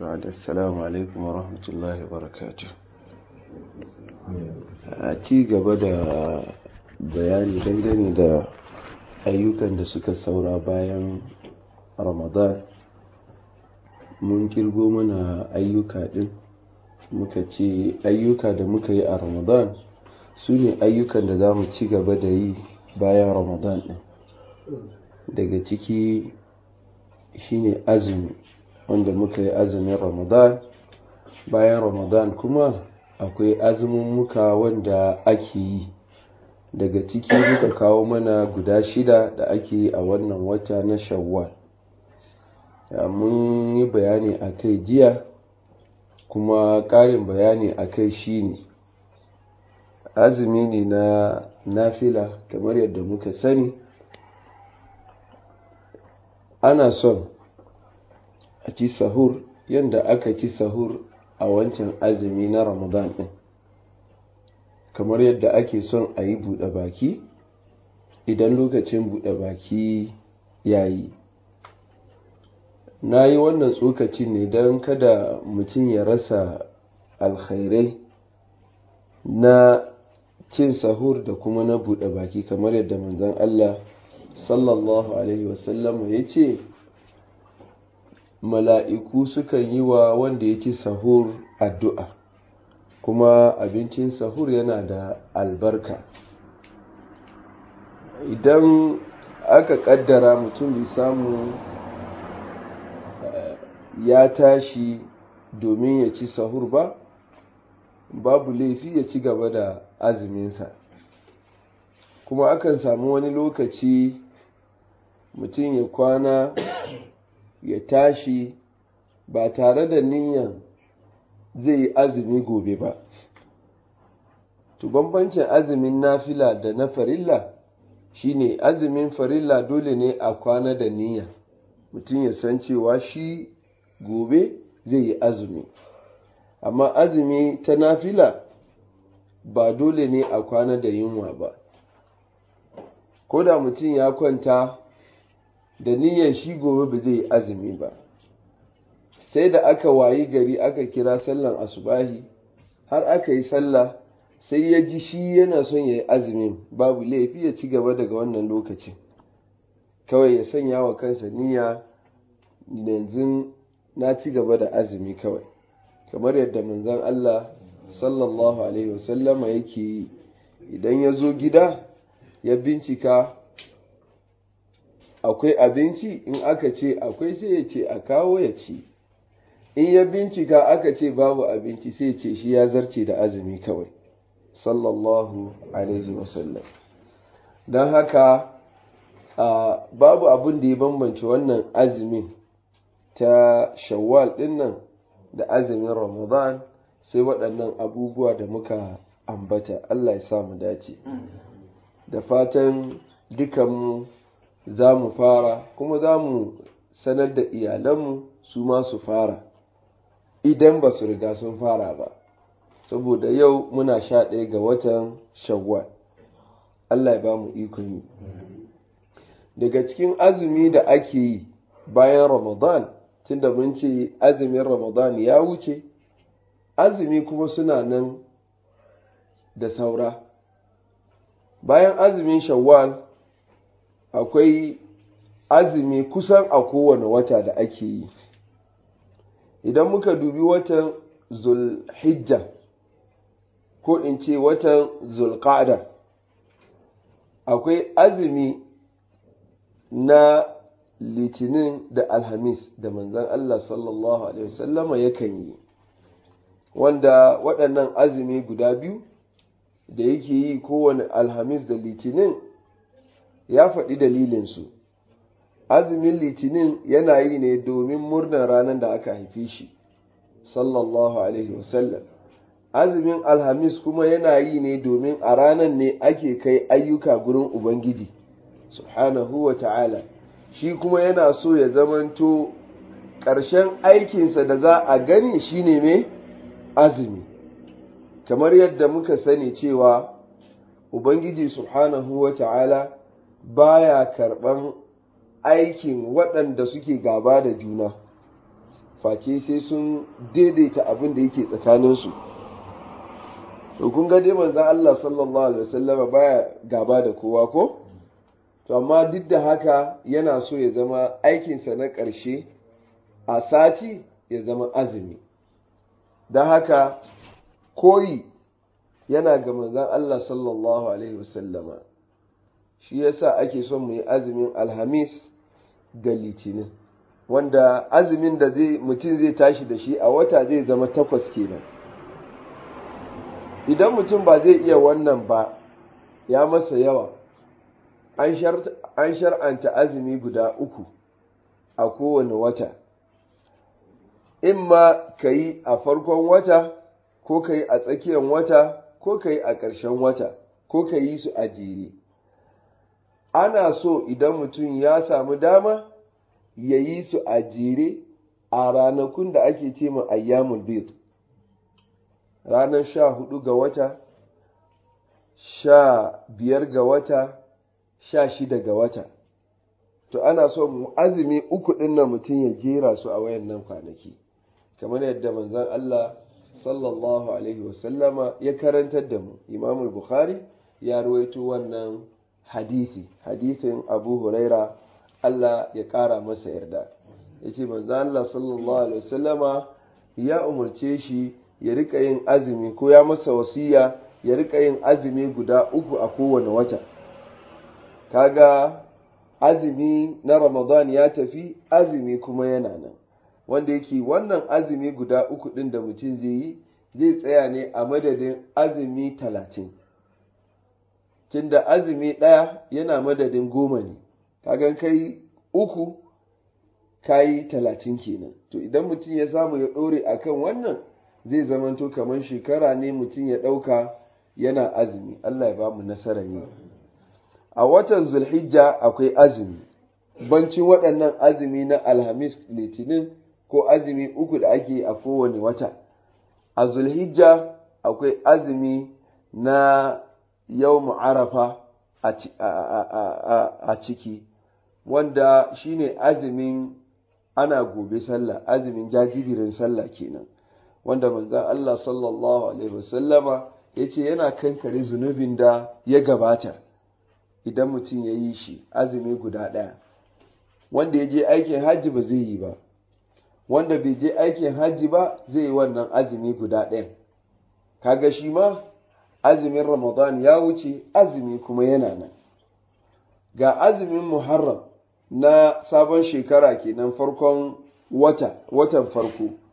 بعد السلام عليكم ورحمة a ci gaba da bayani dangane da ayyukan da suka saura bayan ramadan mun kirgo mana ayyuka din muka ayyuka da muka yi a ramadan su ne ayyukan da za mu ci gaba da yi bayan ramadan din daga ciki shine azumi wanda muka yi azumin ramadan bayan ramadan kuma akwai azumin muka wanda ake yi daga ciki muka kawo mana guda shida da ake yi a wannan wata na shawwal mun yi bayani a kai jiya kuma ƙarin bayani a kai shi ne azumi ne na nafila kamar yadda muka sani ana son a ci sahur yadda aka ci sahur a wancan azumi na ramadan ɗin kamar yadda ake son a yi buɗe baki idan lokacin buɗe baki ya yi na yi wannan tsokaci ne don kada mutum ya rasa alkhairai na cin sahur da kuma na buɗe baki kamar yadda manzan Allah sallallahu alaihi wasallam ya ce mala'iku sukan yi wa wanda ya ci sahur addu'a kuma abincin sahur yana da albarka idan aka ƙaddara mutum bai samu eh, ya tashi domin ya ci sahur ba babu laifi ya ci gaba da aziminsa, kuma akan samu wani lokaci mutum ya kwana ya tashi ba tare da niyan zai yi azumi gobe ba tubambancin bambancin azumin nafila da na farilla shi ne azumin farilla dole ne a kwana da niyya mutum ya san cewa shi gobe zai yi azumi amma azumi ta nafila ba dole ne a kwana da yunwa ba ko da mutum ya kwanta da niyyar shi gobe ba zai yi azumi ba sai da aka wayi gari aka kira sallan asubahi har aka yi sallah sai ya ji shi yana son ya yi azumin babu laifi ya ci gaba daga wannan lokacin kawai ya sanya wa kansa niyya yanzu na ci gaba da azumi kawai kamar yadda manzon Allah sallallahu alaihi wasallama yake yi idan ya zo gida ya bincika akwai abinci in aka ce akwai sai ya ce a kawo ya ci in ya bincika aka ce babu abinci sai ce shi ya zarce da azumi kawai sallallahu alaihi wasallam don haka babu abin da ya bambance wannan azumin ta shawwal dinnan da azumin ramadan sai waɗannan abubuwa da muka ambata allah ya samu dace mm. da fatan dukanmu za mu fara kuma za mu sanar da iyalanmu su ma su fara idan ba su riga sun fara ba saboda yau muna sha ɗaya ga watan shawwal Allah ya ba mu ikon yi daga cikin azumi da ake yi bayan ramadan tunda mun ce azumin ramadan ya wuce azumi kuma suna nan da saura bayan azumin shawwal akwai azumi kusan a kowane wata da ake yi idan muka dubi watan zulhijja ko in ce watan zulqa'da akwai azumi na litinin da alhamis da manzan Allah sallallahu alaihi wasallama yakan yi wanda waɗannan azumi guda biyu da yake yi kowane alhamis da litinin ya faɗi dalilinsu azumin litinin yana yi ne domin murnar ranar da aka haife shi sallallahu alaihi wasallam azumin alhamis kuma yana yi ne domin a ranar ne ake kai ayyuka gurin ubangiji subhanahu wa ta'ala shi kuma yana so ya zamanto ƙarshen aikinsa da za a gani shi ne mai azumi kamar yadda muka sani cewa ubangiji subhanahu wa ta'ala baya karɓan aikin waɗanda suke gaba da juna face sai sun daidaita abin da yake tsakaninsu to kun ga dai manzan Allah sallallahu alaihi wasallama baya gaba da kowa ko to amma duk da haka yana so ya zama aikinsa na ƙarshe a sati ya zama azumi don haka koyi yana ga manzan Allah sallallahu alaihi wasallama shi yasa ake son mu yi azumin alhamis ga litinin wanda azumin da zai mutum zai tashi da shi a wata zai zama takwas kenan idan mutum ba zai iya wannan ba ya masa yawa an shar'anta azumi guda uku a kowane wata in ma ka yi a farkon wata ko ka yi a tsakiyar wata ko ka yi a ƙarshen wata ko ka yi su a jere ana so idan mutum ya samu dama ya yi su a jere a ranakun da ake ce ma ayyamul bid ranar sha hudu ga wata sha biyar ga wata sha shida ga wata to ana so mu azumi uku ɗin mutum ya jera su a wayannan kwanaki kamar yadda manzon Allah sallallahu alaihi wasallama ya karantar da mu imamul bukhari ya ruwaito wannan hadisi hadisin abu huraira Allah ya ƙara masa yarda ya ce manzan Allah sallallahu alaihi wasallama ya umarce shi ya rika yin azumi ko ya masa wasiya ya rika yin azumi guda uku a kowane wata kaga azumi na ramadan ya tafi azumi kuma yana nan wanda yake wannan azumi guda uku ɗin da mutum zai yi zai tsaya ne a madadin azumi talatin tunda azumi ɗaya yana madadin goma ne kagan kai uku kayi talatin kenan to idan mutum ya samu ya ɗore a kan wannan zai zamanto kamar shekara ne mutum ya ɗauka yana azumi Allah ya ba mu nasara ne a watan zulhijja akwai azumi bancin waɗannan azumi na alhamis litinin ko azumi uku da ake a kowane wata a zulhijja akwai azumi na yau arafa a ciki wanda shine azumin ana gobe sallah azumin jajibirin sallah kenan wanda manzon Allah sallallahu alaihi wasallama ya ce yana kankare zunubin da ya gabata idan mutum ya yi shi azumi guda ɗaya wanda ya je aikin hajji ba zai yi ba wanda bai je aikin hajji ba zai yi wannan azumi guda Ka kaga shi ma azumin ramadan ya wuce azumi kuma yana nan ga azumin muharram na sabon shekara kenan farkon wata watan farko